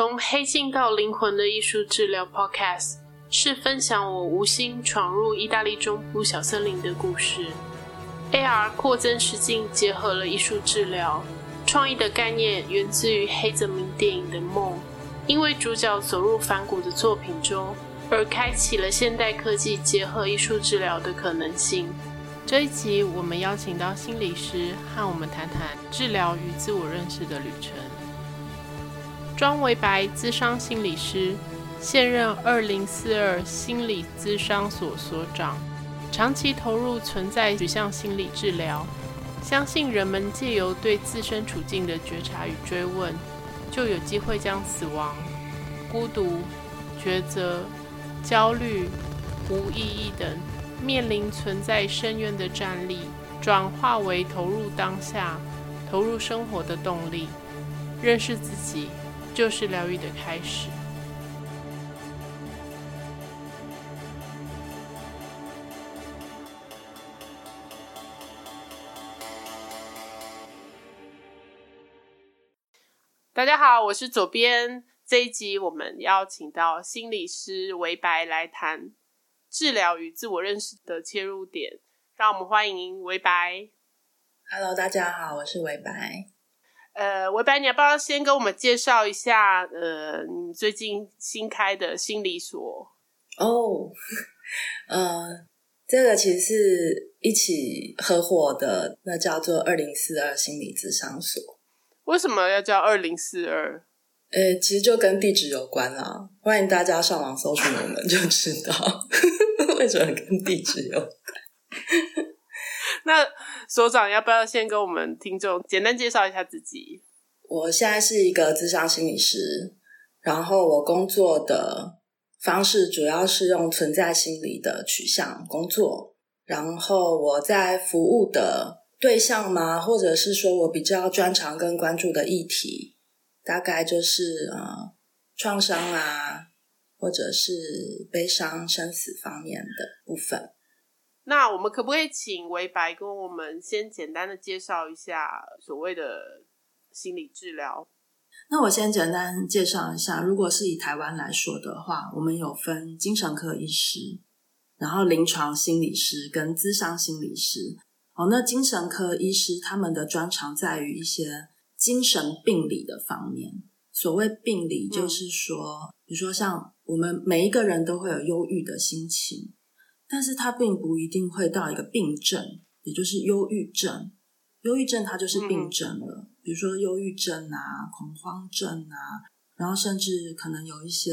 從黑鏡到靈魂的藝術治療 Podcast 是分享我無心闖入意大利中部小森林的故事。AR 擴增實境結合了藝術治療，創意的概念源自於黑澤明電影的夢。因為主角走入梵谷的作品中，而開啟了現代科技結合藝術治療的可能性。這一集我們邀請到心理師和我們談談治療與自我認識的旅程。莊微白，諮商心理師，現任二零四二心理諮商所所長，長期投入存在取向心理治療，相信人們借由對自身處境的覺察與追問，就有機會將死亡、孤獨、抉擇、焦慮、無意義等面臨存在深淵的戰慄轉化為投入當下、投入生活的動力，認識自己，就是療癒的開始。大家好，我是左邊。這一集我們要請到心理師微白來談治療與自我認識的切入點，讓我們歡迎微白。Hello，大家好，我是微白。呃，微白，你要不要先跟我們介紹一下？呃，你最近新開的心理所哦，呃，這個其實是一起合夥的，那叫做二零四二心理諮商所。為什麼要叫二零四二？呃，其實就跟地址有關啦，啊，歡迎大家上網搜尋，我們就知道 為什麼跟地址有關。 那所長要不要先跟我們聽眾簡單介紹一下自己？我現在是一個諮商心理師，然後我工作的方式主要是用存在心理的取向工作，然後我在服務的對象嘛，或者是說我比較專長跟關注的議題，大概就是呃創傷啊，或者是悲傷、生死方面的部分。那我們可不可以請微白跟我們先簡單的介紹一下所謂的心理治療？那我先簡單介紹一下，如果是以台灣來說的話，我們有分精神科醫師，然後臨床心理師跟諮商心理師。哦，那精神科醫師他們的專長在於一些精神病理的方面。所謂病理，就是說、嗯，比如說像我們每一個人都會有憂鬱的心情。但是他並不一定會到一個病症，也就是憂鬱症。憂鬱症他就是病症了。嗯。比如說憂鬱症啊、恐慌症啊，然後甚至可能有一些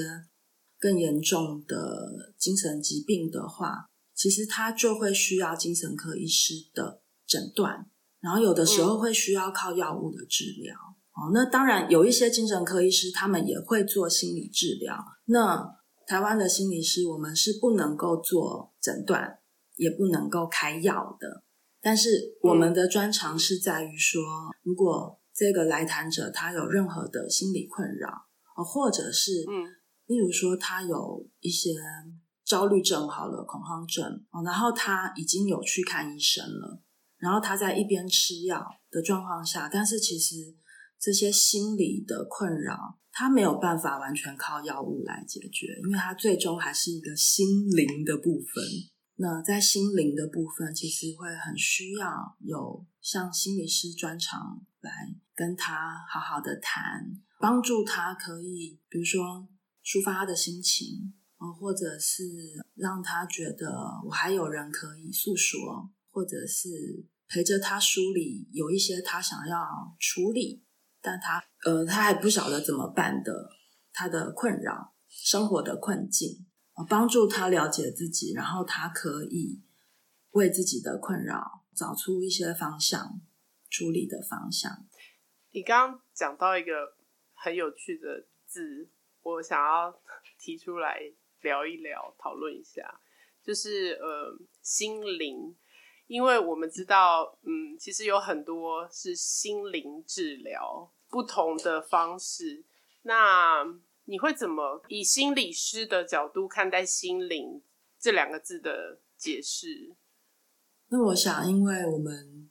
更嚴重的精神疾病的話，其實他就會需要精神科醫師的診斷，然後有的時候會需要靠藥物的治療。嗯。哦，那當然有一些精神科醫師他們也會做心理治療。那台灣的心理師，我們是不能夠做診斷，也不能夠開藥的。但是我們的專長是在於說、嗯，如果這個來談者他有任何的心理困擾，哦，或者是、嗯，例如說他有一些焦慮症好了，恐慌症，然後他已經有去看醫生了，然後他在一邊吃藥的狀況下，但是其實這些心理的困擾。他沒有辦法完全靠藥物來解決，因為他最終還是一個心靈的部分。那在心靈的部分，其實會很需要有像心理師專長來跟他好好的談，幫助他可以，比如說抒發他的心情，嗯，或者是讓他覺得我還有人可以訴說，或者是陪着他梳理有一些他想要處理。但他，呃，他還不曉得怎麼辦的，他的困擾、生活的困境，幫助他了解自己，然後他可以為自己的困擾找出一些方向、處理的方向。你剛剛講到一個很有趣的字，我想要提出來聊一聊、討論一下，就是，呃，心靈，因為我們知道，嗯，其實有很多是心靈治療。不同的方式，那你會怎麼以心理師的角度看待“心靈”這兩個字的解釋？那我想，因為我們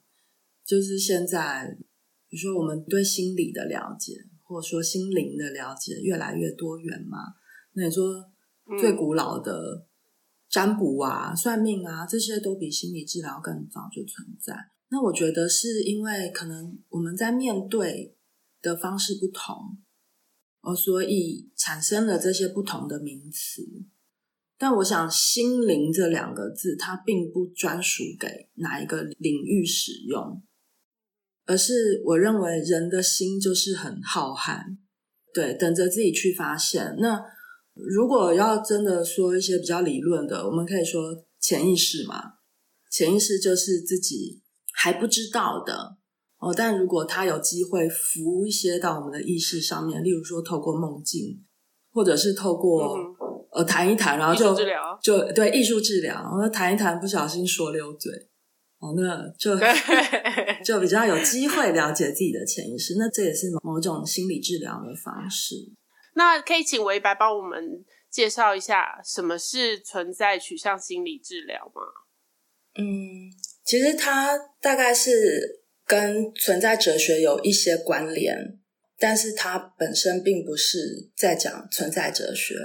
就是現在，比如說我們對心理的了解，或者說心靈的了解越來越多元嘛。那你說，最古老的占卜啊、嗯、算命啊，這些都比心理治療更早就存在。那我覺得，是因為可能我們在面對的方式不同，哦，所以產生了這些不同的名詞。但我想“心靈”這兩個字，它並不專屬給哪一個領域使用，而是我認為人的心就是很浩瀚，對，等着自己去發現。那如果要真的說一些比較理論的，我們可以說潛意識嘛，潛意識就是自己還不知道的。哦，但如果他有機會浮一些到我們的意識上面，例如說透過夢境，或者是透過、嗯、呃談一談，然後就治療就對藝術治療，然後談一談不小心說溜嘴，哦，那就對 就比較有機會了解自己的潛意識，那這也是某種心理治療的方式。那可以請微白幫我們介紹一下什麼是存在取向心理治療嗎？嗯，其實他大概是。跟存在哲學有一些關聯，但是它本身並不是在講存在哲學，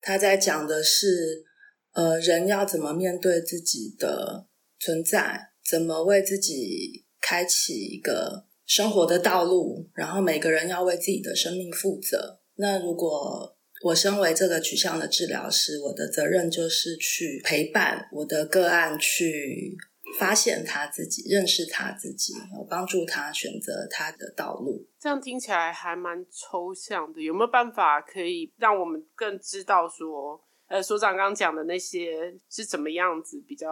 他在講的是，呃，人要怎麼面對自己的存在，怎麼為自己開啟一個生活的道路，然後每個人要為自己的生命負責。那如果我身為這個取向的治療師，我的責任就是去陪伴我的個案去。發現他自己，認識他自己，然後幫助他選擇他的道路。這樣聽起來還蠻抽象的，有沒有辦法可以讓我們更知道說，呃，所長剛講的那些是怎麼樣子，比較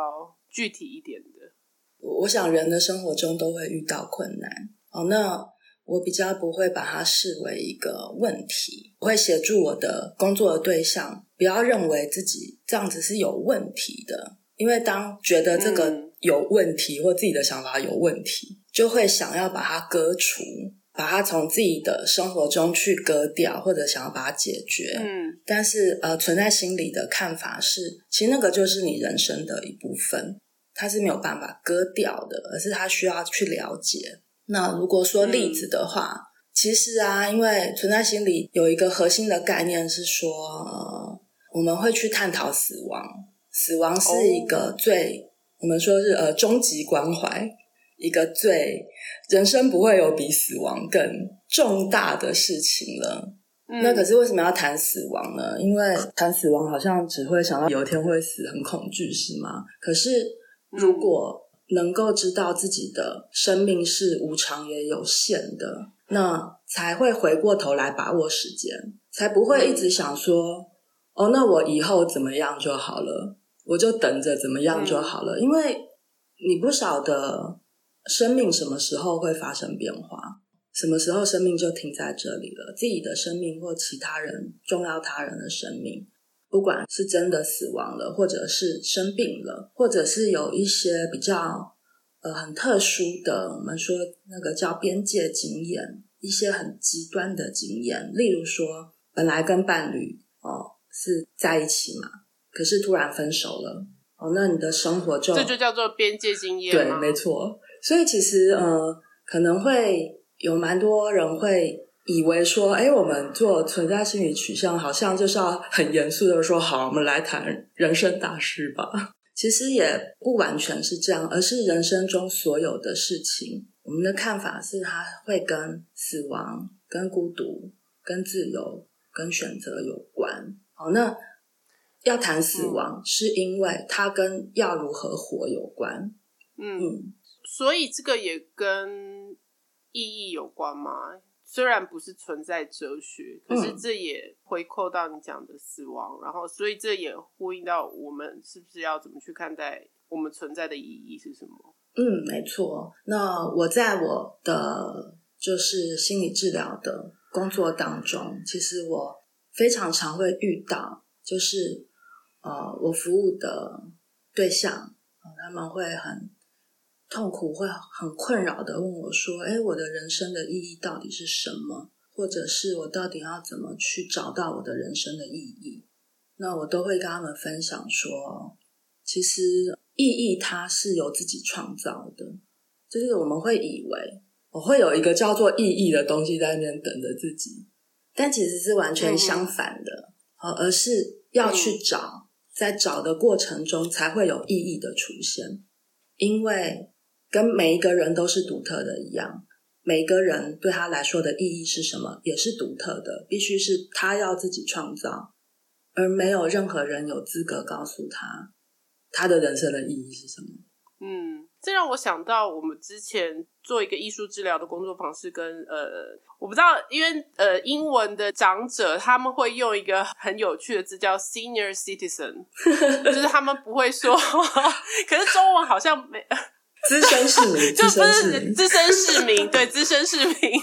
具體一點的？我，我想，人的生活中都會遇到困難，嗯。哦，那我比較不會把它視為一個問題，我會協助我的工作的對象，不要認為自己這樣子是有問題的，因為當覺得這個，嗯。有問題或自己的想法有問題，就會想要把它割除，把它從自己的生活中去割掉，或者想要把它解決。嗯，但是呃，存在心理的看法是，其實那個就是你人生的一部分，它是沒有辦法割掉的，而是它需要去了解。那如果說例子的話，嗯，其實啊，因為存在心理有一個核心的概念是說，呃，我們會去探討死亡，死亡是一個最……哦。我們說是呃，終極關懷，一個最人生不會有比死亡更重大的事情了。嗯。那可是為什麼要談死亡呢？因為談死亡好像只會想到有一天會死，很恐懼，是嗎？可是如果能夠知道自己的生命是無常也有限的，那才會回過頭來把握時間，才不會一直想說，哦，那我以後怎麼樣就好了。我就等着怎麼樣就好了。嗯，因為你不曉得生命什麼時候會發生變化，什麼時候生命就停在這裡了。自己的生命或其他人，重要他人的生命，不管是真的死亡了，或者是生病了，或者是有一些比較呃很特殊的，我們說那個叫邊界經驗，一些很極端的經驗，例如說本來跟伴侶哦是在一起嘛。可是突然分手了哦，oh, 那你的生活就。這就叫做邊界經驗。對，沒錯。所以其實呃，可能會有蠻多人會以為說，哎，我們做存在心理取向，好像就是要很嚴肅的說，好，我們來談人生大事吧。其實也不完全是這樣，而是人生中所有的事情，我們的看法是，它會跟死亡、跟孤獨、跟自由、跟選擇有關。好，oh,，那。要談死亡，是因為它跟要如何活有關。嗯，嗯，所以這個也跟意義有關嗎？雖然不是存在哲學，可是這也回扣到你講的死亡，嗯，然後所以這也呼應到我們是不是要怎麼去看待我們存在的意義是什麼？嗯，沒錯。那我在我的就是心理治療的工作當中，其實我非常常會遇到，就是。呃、哦，我服務的對象，他們會很痛苦，會很困擾地問我說：“哎、欸，我的人生的意義到底是什麼？或者是我到底要怎麼去找到我的人生的意義？”那我都會跟他們分享說：“其實意義它是由自己創造的，就是我們會以為我會有一個叫做意義的東西在那邊等着自己，但其實是完全相反的，而、嗯啊、而是要去找。嗯”在找的過程中，才會有意義的出現，因為跟每一個人都是獨特的一樣，每個人對他來說的意義是什麼，也是獨特的，必須是他要自己創造，而沒有任何人有資格告訴他，他的人生的意義是什麼。嗯。這讓我想到，我們之前做一個藝術治療的工作方式跟，跟呃，我不知道，因為呃，英文的長者他們會用一個很有趣的字叫 senior citizen， 就是他們不會說，可是中文好像沒資深市民， 就不是資深市民，對 資深市民，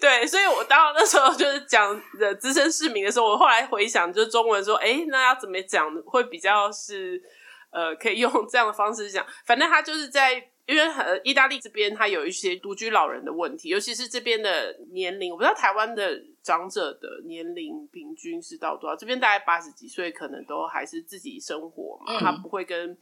對，對 所以我到那時候就是講的資深市民的時候，我後來回想，就是中文說，哎，那要怎麼講會比較是？呃，可以用這樣的方式講，反正他就是在，因為呃，意大利這邊他有一些獨居老人的問題，尤其是這邊的年齡，我不知道台灣的長者的年齡平均是到多少，這邊大概八十幾歲可能都還是自己生活嘛，他不會跟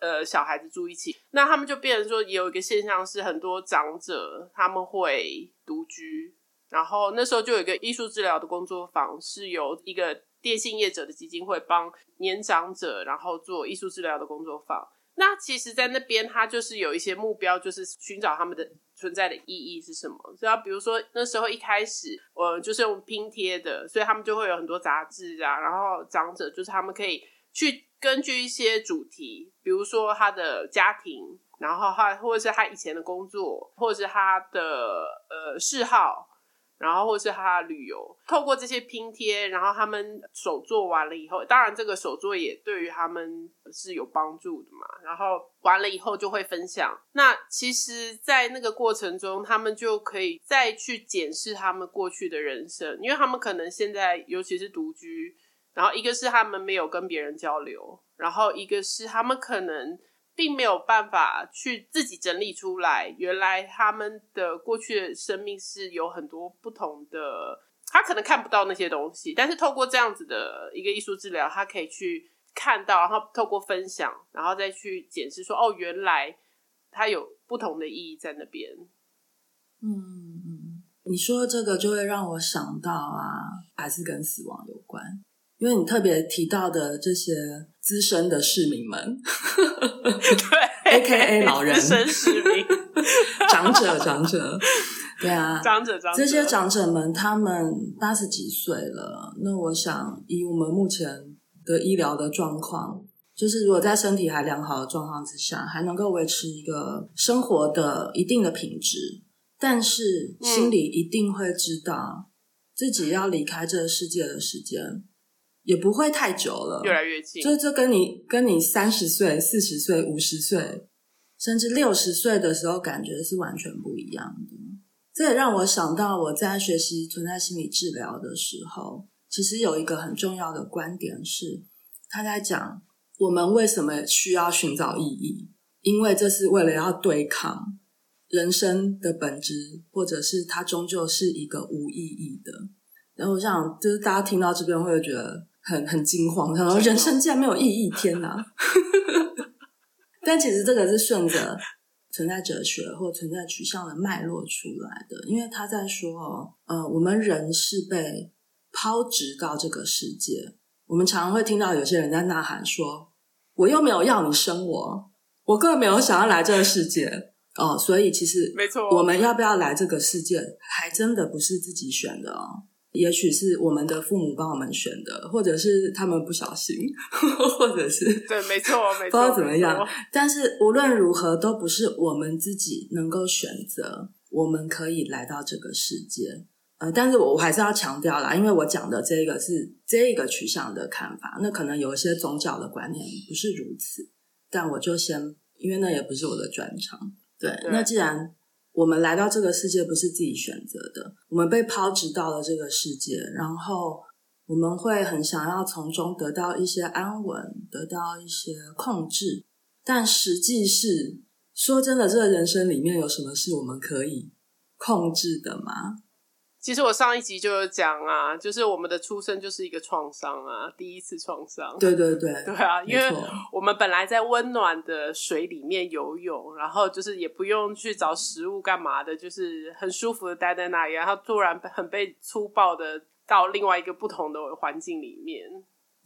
呃小孩子住一起，那他們就變成說也有一個現象是，很多長者他們會獨居，然後那時候就有一個藝術治療的工作坊是由一個。電信業者的基金會幫年長者，然後做藝術治療的工作坊。那其實，在那邊他就是有一些目標，就是尋找他們的存在的意義是什麼。所以他比如說那時候一開始，呃，就是用拼貼的，所以他們就會有很多雜誌啊。然後長者就是他們可以去根據一些主題，比如說他的家庭，然後他或者是他以前的工作，或者是他的呃嗜好。然後或是他旅遊，透過這些拼貼，然後他們手作完了以後，當然這個手作也對於他們是有幫助的嘛。然後完了以後就會分享。那其實，在那個過程中，他們就可以再去檢視他們過去的人生，因為他們可能現在，尤其是獨居，然後一個是他們沒有跟別人交流，然後一個是他們可能。並沒有辦法去自己整理出來，原來他們的過去的生命是有很多不同的，他可能看不到那些東西，但是透過這樣子的一個藝術治療，他可以去看到，然後透過分享，然後再去解釋說，哦，原來它有不同的意義在那邊。嗯嗯，你說這個就會讓我想到啊，還是跟死亡有關，因為你特別提到的這些。資深的市民們， 對，A K A 老人，資深市民， 長者，長者， 對啊，長者，長者，這些長者們，他們八十幾歲了，那我想，以我們目前的醫療的狀況，就是如果在身體還良好的狀況之下，還能夠維持一個生活的一定的品質，但是心裡一定會知道自己要離開這個世界的時間。嗯也不會太久了，越來越近。就就跟你跟你三十歲、四十歲、五十歲，甚至六十歲的時候，感覺是完全不一樣的。這也讓我想到，我在學習存在心理治療的時候，其實有一個很重要的觀點是，他在講我們為什麼需要尋找意義，因為這是為了要對抗人生的本質，或者是它終究是一個無意義的。然後我想，就是大家聽到這邊會覺得。很很驚慌，他說人生竟然沒有意義，天哪！ 但其實這個是順着存在哲學或存在取向的脈絡出來的，因為他在說，呃，我們人是被拋擲到這個世界。我們常常會聽到有些人在吶喊說：“我又沒有要你生我，我更沒有想要來這個世界。呃”哦，所以其實沒錯，我們要不要來這個世界，還真的不是自己選的哦。也許是我們的父母幫我們選的，或者是他們不小心，呵呵，或者是對，沒錯，沒錯，不知道怎麼樣。但是無論如何，都不是我們自己能夠選擇。我們可以來到這個世界，呃，但是我，我還是要強調啦，因為我講的這個是這個取向的看法。那可能有一些宗教的觀念不是如此，但我就先，因為那也不是我的專長。對。對，那既然。我們來到這個世界不是自己選擇的，我們被拋擲到了這個世界，然後我們會很想要從中得到一些安穩，得到一些控制，但實際是，說真的，這個人生裡面有什麼是我們可以控制的嗎？其實我上一集就有講啊，就是我們的出生就是一個創傷啊，第一次創傷。對對對，對啊，因為我們本來在溫暖的水裡面游泳，然後就是也不用去找食物幹嘛的，就是很舒服的待在那裡，然後突然很被粗暴的到另外一個不同的環境裡面。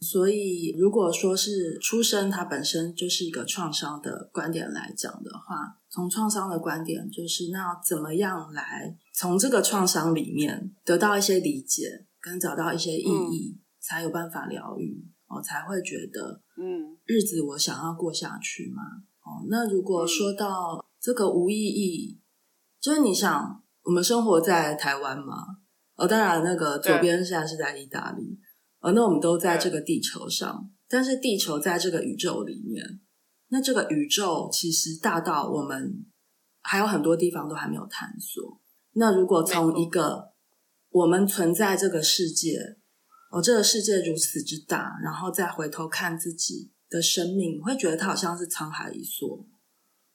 所以，如果說是出生它本身就是一個創傷的觀點來講的話，從創傷的觀點就是那怎麼樣來？從這個創傷裡面得到一些理解，跟找到一些意義，嗯、才有辦法療癒。我、哦、才會覺得，嗯，日子我想要過下去嘛。哦，那如果說到這個無意義，嗯、就是你想，我們生活在台灣嘛。哦，當然，那個左邊現在是在意大利。嗯哦、那我們都在這個地球上，嗯，但是地球在這個宇宙裡面，那這個宇宙其實大到我們還有很多地方都還沒有探索。那如果從一個我們存在這個世界，哦，這個世界如此之大，然後再回頭看自己的生命，會覺得它好像是滄海一粟，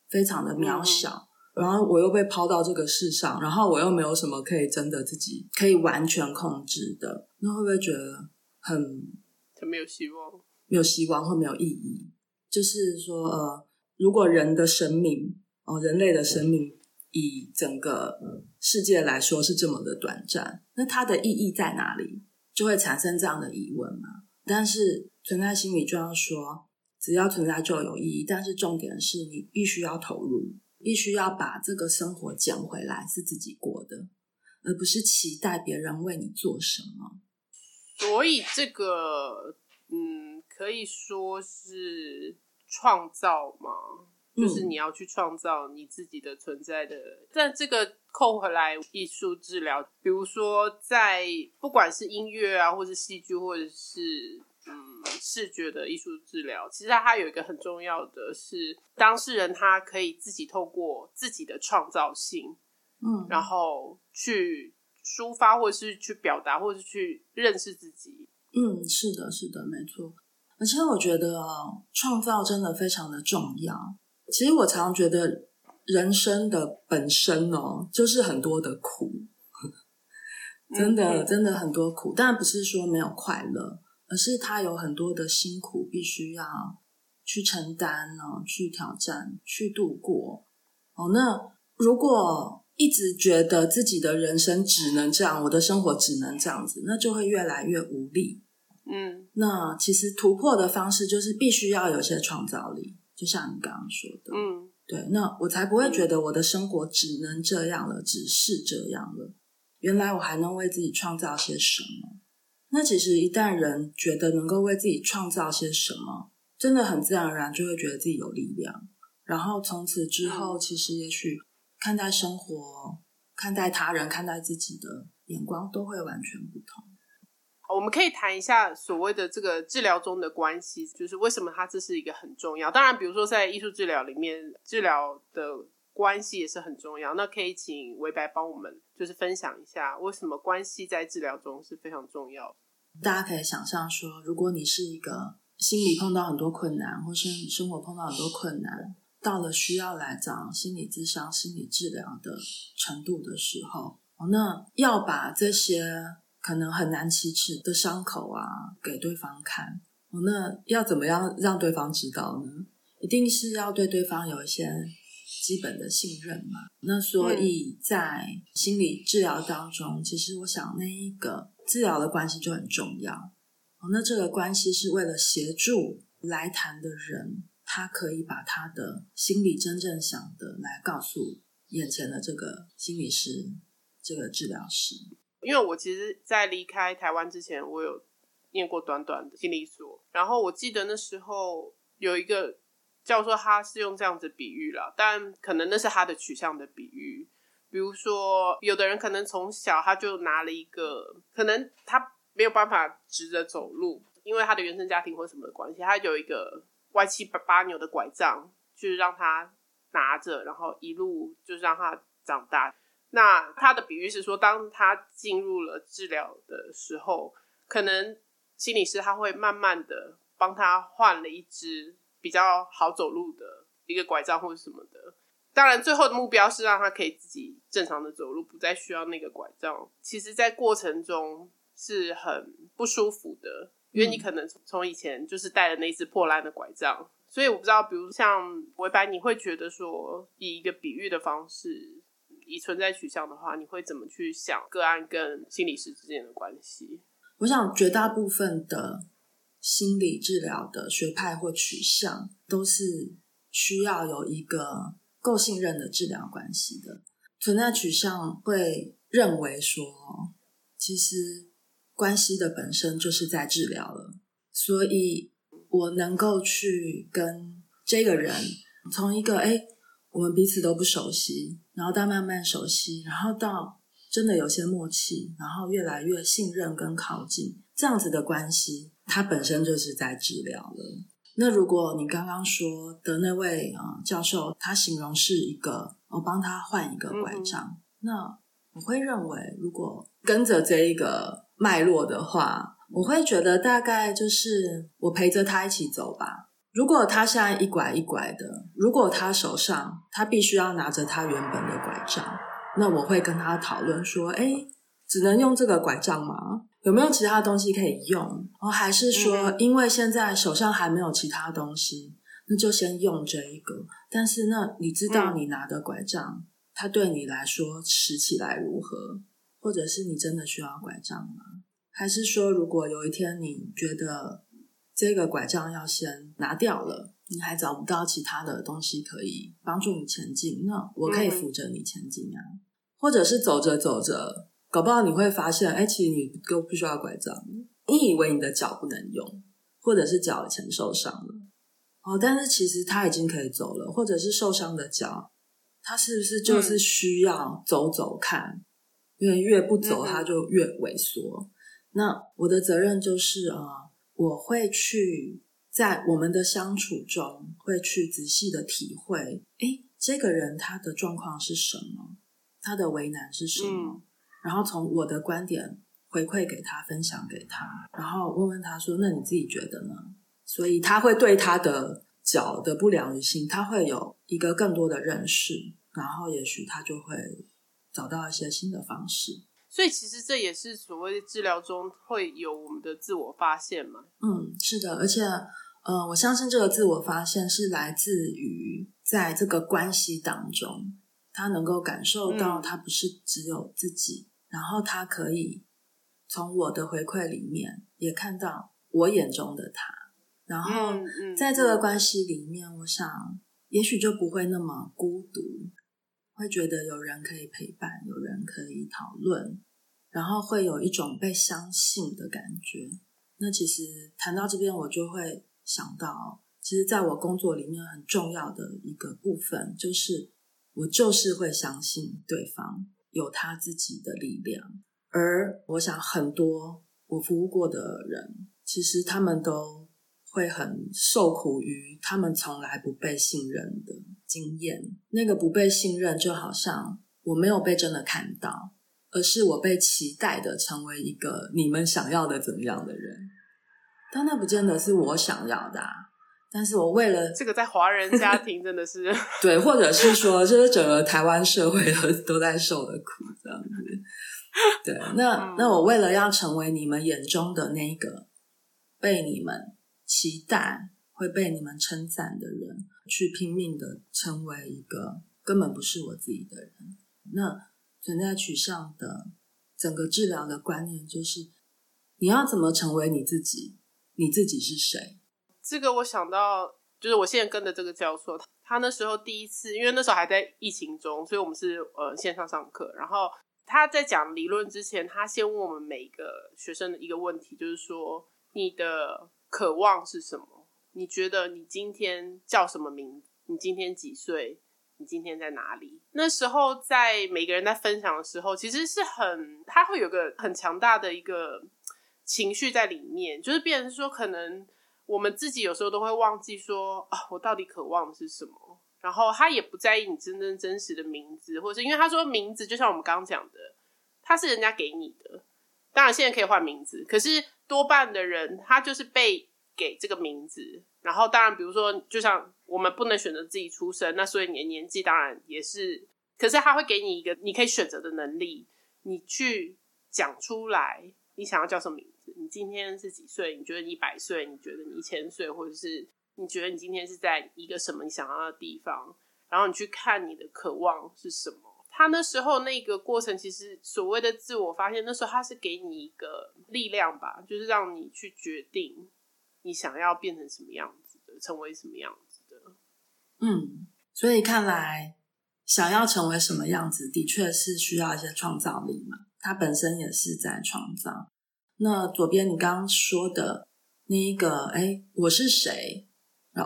非常的渺小。然後我又被拋到這個世上，然後我又沒有什麼可以真的自己可以完全控制的，那會不會覺得很，很沒有希望，沒有希望，或沒有意義，就是說，呃，如果人的生命，哦，人類的生命。以整個世界來說是這麼的短暫，那它的意義在哪裡？就會產生這樣的疑問嘛。但是存在心理就要說，只要存在就有意義，但是重點是你必須要投入，必須要把這個生活撿回來是自己過的，而不是期待別人為你做什麼。所以這個，嗯，可以說是創造嗎？就是你要去創造你自己的存在的。嗯、但這個扣回來，藝術治療，比如說在不管是音樂啊，或是戲劇，或者是、嗯、視覺的藝術治療，其實它有一個很重要的是，是當事人他可以自己透過自己的創造性、嗯，然後去抒發，或者是去表達，或者是去認識自己。嗯，是的，是的，沒錯。而且我覺得創造真的非常的重要。其實我常常覺得，人生的本身哦，就是很多的苦， 真的、mm -hmm. 真的很多苦。當然不是說沒有快樂，而是他有很多的辛苦，必須要去承擔哦，去挑戰，去度過。哦，那如果一直覺得自己的人生只能這樣，我的生活只能這樣子，那就會越來越無力。嗯、mm -hmm.，那其實突破的方式就是必須要有些創造力。就像你剛剛說的，嗯，對，那我才不會覺得我的生活只能這樣了，只是這樣了。原來我還能為自己創造些什麼？那其實一旦人覺得能夠為自己創造些什麼，真的很自然而然就會覺得自己有力量。然後從此之後，其實也許看待生活、嗯、看待他人、看待自己的眼光都會完全不同。我們可以談一下所謂的這個治療中的關係，就是為什麼它，這是一個很重要。當然，比如說在藝術治療裡面，治療的關係也是很重要。那可以請微白幫我們，就是分享一下為什麼關係在治療中是非常重要。大家可以想象說，如果你是一個心理碰到很多困難，或是你生活碰到很多困難，到了需要來找心理諮商、心理治療的程度的時候，那要把這些。可能很難啟齒的傷口啊，給對方看。那要怎麼樣讓對方知道呢？一定是要對對方有一些基本的信任嘛。那所以在心理治療當中，其實我想那一個治療的關係就很重要。那這個關係是為了協助來談的人，他可以把他的心裡真正想的來告訴眼前的這個心理師，這個治療師。因為我其實，在離開台灣之前，我有念過短短的心理所。然後我記得那時候有一個叫做他是用這樣子的比喻了，但可能那是他的取向的比喻。比如說，有的人可能從小他就拿了一個，可能他沒有辦法直着走路，因為他的原生家庭或什麼的關係，他有一個歪七八八扭的拐杖，就是讓他拿着，然後一路就是讓他長大。那他的比喻是說，當他進入了治療的時候，可能心理師他會慢慢的幫他換了一隻比較好走路的一個拐杖或者什麼的。當然，最後的目標是讓他可以自己正常的走路，不再需要那個拐杖。其實，在過程中是很不舒服的，因為你可能從以前就是帶的那隻破爛的拐杖，所以我不知道，比如像微白，你會覺得說，以一個比喻的方式。以存在取向的話，你會怎麼去想個案跟心理師之間的關係？我想，絕大部分的心理治療的學派或取向都是需要有一個夠信任的治療關係的。存在取向會認為說，其實關係的本身就是在治療了。所以，我能夠去跟這個人從一個哎。誒我們彼此都不熟悉，然後到慢慢熟悉，然後到真的有些默契，然後越來越信任跟靠近，這樣子的關係，它本身就是在治療了。那如果你剛剛說的那位啊、呃、教授，他形容是一個我幫他換一個拐杖，嗯嗯那我會認為，如果跟着這一個脈絡的話，我會覺得大概就是我陪着他一起走吧。如果他現在一拐一拐的，如果他手上他必須要拿着他原本的拐杖，那我會跟他討論說：哎，只能用這個拐杖嗎？有沒有其他東西可以用？哦，還是說，因為現在手上還沒有其他東西，那就先用這一個。但是呢，那你知道你拿的拐杖，它對你來說持起來如何？或者是你真的需要拐杖嗎？還是說，如果有一天你覺得……這個拐杖要先拿掉了，你還找不到其他的東西可以幫助你前進。那我可以扶着你前進啊，嗯、或者是走着走着，搞不好你會發現，哎，其實你都不，不需要拐杖。你以為你的腳不能用，或者是腳以前受傷了、嗯、哦，但是其實他已經可以走了，或者是受傷的腳，他是不是就是需要走走看？嗯、因為越不走、嗯，他就越萎縮。那我的責任就是啊。嗯我會去在我們的相處中，會去仔細的體會，誒，這個人他的狀況是什麼，他的為難是什麼、嗯，然後從我的觀點回饋給他，分享給他，然後問問他說：“那你自己覺得呢？”所以他會對他的腳的不良於心，他會有一個更多的認識，然後也許他就會找到一些新的方式。所以其實這也是所謂治療中會有我們的自我發現嘛？嗯，是的，而且，嗯，呃，我相信這個自我發現是來自於在這個關係當中，他能夠感受到他不是只有自己，嗯，然後他可以從我的回饋裡面也看到我眼中的他，然後在這個關係裡面，我想也許就不會那麼孤獨，會覺得有人可以陪伴，有人可以討論。然後會有一種被相信的感覺。那其實談到這邊，我就會想到，其實在我工作裡面很重要的一個部分，就是我就是會相信對方有他自己的力量。而我想很多我服務過的人，其實他們都會很受苦於他們從來不被信任的經驗。那個不被信任，就好像我沒有被真的看到。而是我被期待的成為一個你們想要的怎麼樣的人，但那不見得是我想要的。啊，但是我為了這個，在華人家庭真的是 對，或者是說，就是整個台灣社會都都在受的苦，這樣子。 對，那那我為了要成為你們眼中的那一個被你們期待會被你們稱讚的人，去拼命的成為一個根本不是我自己的人，那。存在取向的整個治療的觀念就是，你要怎麼成為你自己？你自己是誰？這個我想到，就是我現在跟的這個教授他，他那時候第一次，因為那時候還在疫情中，所以我們是呃線上上課。然後他在講理論之前，他先問我們每一個學生的一個問題，就是說你的渴望是什麼？你覺得你今天叫什麼名？你今天幾歲？你今天在哪裡？那時候在每個人在分享的時候，其實是很他會有個很強大的一個情緒在裡面，就是變成說可能我們自己有時候都會忘記說啊、哦，我到底渴望的是什麼。然後他也不在意你真正真、真實的名字，或者是因為他說名字就像我們剛剛講的，他是人家給你的。當然現在可以換名字，可是多半的人他就是被給這個名字。然後當然，比如說就像。我們不能選擇自己出生，那所以你的年紀當然也是。可是他會給你一個你可以選擇的能力，你去講出來，你想要叫什麼名字？你今天是幾歲？你覺得你百歲？你覺得你一千歲？或者是你覺得你今天是在一個什麼你想要的地方？然後你去看你的渴望是什麼？他那時候那個過程，其實所謂的自我發現，那時候他是給你一個力量吧，就是讓你去決定你想要變成什麼樣子的，成為什麼樣子。嗯，所以看來想要成為什麼樣子，的確是需要一些創造力嘛。它本身也是在創造。那左邊你剛剛說的那一個，誒，我是誰？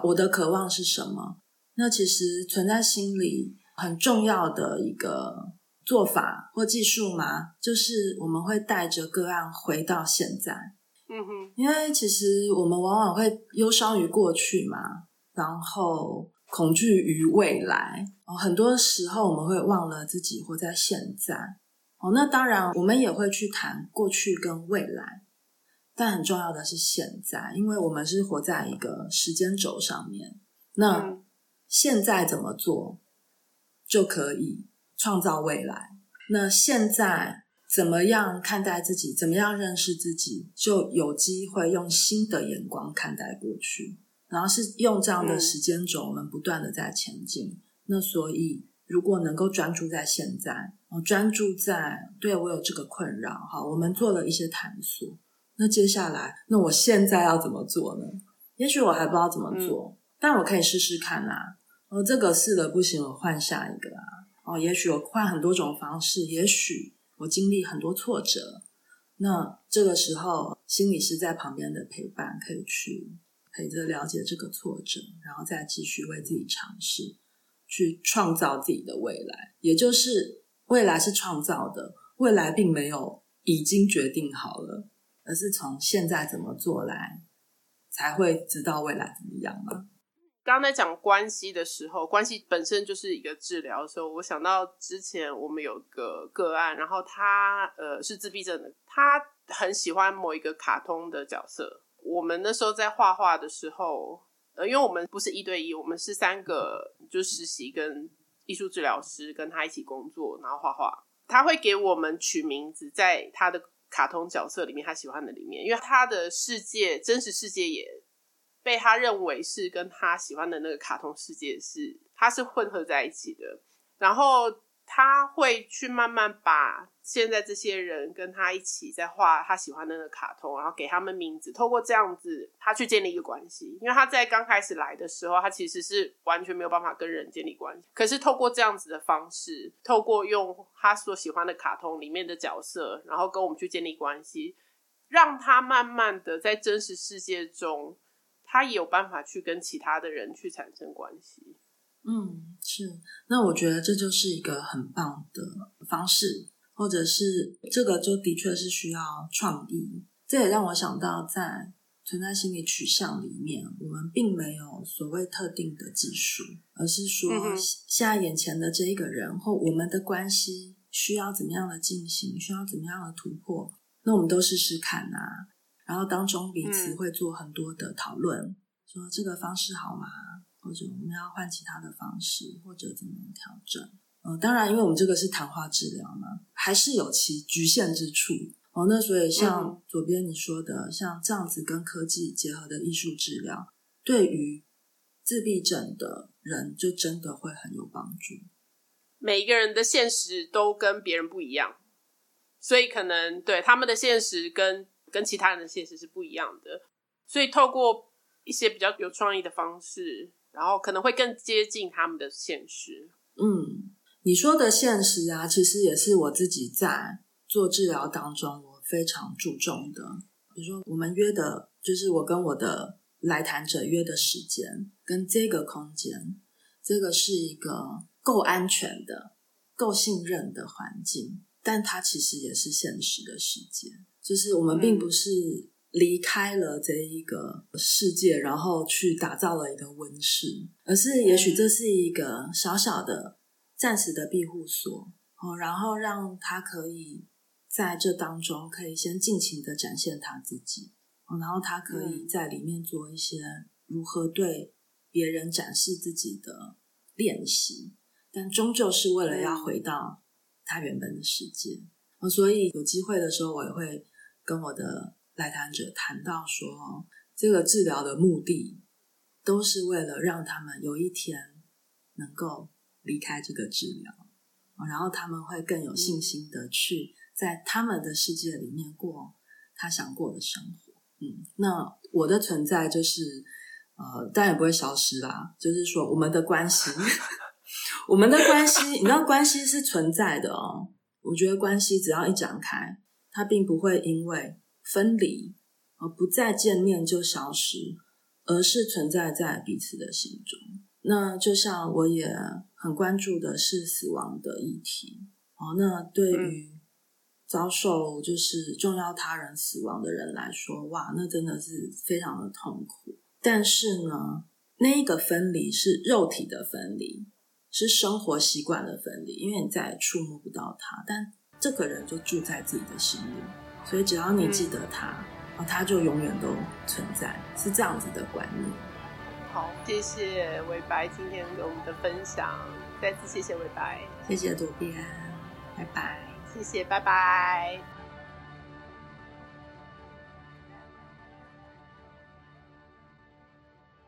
我的渴望是什麼？那其實存在心理很重要的一個做法或技術嘛，就是我們會帶着個案回到現在。嗯哼，因為其實我們往往會憂傷於過去嘛，然後。恐懼於未來哦，很多時候我們會忘了自己活在現在哦。那當然，我們也會去談過去跟未來，但很重要的是現在，因為我們是活在一個時間軸上面。那現在怎麼做就可以創造未來。那現在怎麼樣看待自己，怎麼樣認識自己，就有機會用新的眼光看待過去。然後是用這樣的時間軸，我們不斷的在前進。嗯、那所以，如果能夠專注在現在，專注在，對，我有這個困擾，好，我們做了一些探索。那接下來，那我現在要怎麼做呢？也許我還不知道怎麼做，嗯、但我可以試試看啊。哦，這個試了不行，我換下一個啊。哦，也許我換很多種方式，也許我經歷很多挫折。那這個時候，心理師在旁邊的陪伴，可以去。陪着了解這個挫折，然後再繼續為自己嘗試，去創造自己的未來。也就是未來是創造的，未來並沒有已經決定好了，而是從現在怎麼做來，才會知道未來怎麼樣。剛剛在講關係的時候，關係本身就是一個治療的時候，我想到之前我們有個個案，然後他呃是自閉症的，他很喜歡某一個卡通的角色。我們那時候在畫畫的時候，呃，因為我們不是一對一，我們是三個，就是實習跟藝術治療師跟他一起工作，然後畫畫。他會給我們取名字，在他的卡通角色裡面，他喜歡的裡面，因為他的世界，真實世界也被他認為是跟他喜歡的那個卡通世界是，他是混合在一起的，然後。他會去慢慢把現在這些人跟他一起在畫他喜歡的那個卡通，然後給他們名字。透過這樣子，他去建立一個關係。因為他在剛開始來的時候，他其實是完全沒有辦法跟人建立關係。可是透過這樣子的方式，透過用他所喜歡的卡通裡面的角色，然後跟我們去建立關係，讓他慢慢的在真實世界中，他也有辦法去跟其他的人去產生關係。嗯，是。那我覺得這就是一個很棒的方式，或者是這個就的確是需要創意。這也讓我想到，在存在心理取向裡面，我們並沒有所謂特定的技術，而是說，現在眼前的這一個人或我們的關係需要怎麼樣的進行，需要怎麼樣的突破，那我們都試試看啊。然後當中彼此會做很多的討論，嗯、說這個方式好嗎？或者我們要換其他的方式，或者怎麼調整？呃、嗯，當然，因為我們這個是談話治療嘛，還是有其侷限之處。哦，那所以像左邊你說的，嗯、像這樣子跟科技結合的藝術治療，對於自閉症的人，就真的會很有幫助。每一個人的現實都跟別人不一樣，所以可能對他們的現實跟跟其他人的現實是不一樣的。所以透過一些比較有創意的方式。然後可能會更接近他們的現實。嗯，你說的現實啊，其實也是我自己在做治療當中我非常注重的。比如說，我們約的就是我跟我的來談者約的時間，跟這個空間，這個是一個夠安全的、夠信任的環境，但它其實也是現實的時間，就是我們並不是。離開了這一個世界，然後去打造了一個溫室，而是也許這是一個小小的、暫時的庇護所哦，然後讓他可以在這當中可以先盡情的展現他自己，然後他可以在裡面做一些如何對別人展示自己的練習，但終究是為了要回到他原本的世界哦。所以有機會的時候，我也會跟我的。來談者談到說，這個治療的目的都是為了讓他們有一天能夠離開這個治療，然後他們會更有信心的去在他們的世界裡面過他想過的生活。嗯，嗯，那我的存在就是呃，但也不會消失啦、啊。就是說，我們的關係， 我們的關係，你知道，關係是存在的哦。我覺得關係只要一展開，它並不會因為。分離，而不再見面就消失，而是存在在彼此的心中。那就像我也很關注的是死亡的議題，哦，那對於遭受就是重要他人死亡的人來說，哇，那真的是非常的痛苦。但是呢，那一個分離是肉體的分離，是生活習慣的分離，因為你再也觸摸不到他，但這個人就住在自己的心裡。所以只要你記得它，啊、嗯哦，它就永遠都存在，是這樣子的觀念。好，謝謝微白今天給我們的分享，再次謝謝微白，謝謝左邊、yeah, 拜拜，謝謝，拜拜。謝謝拜拜。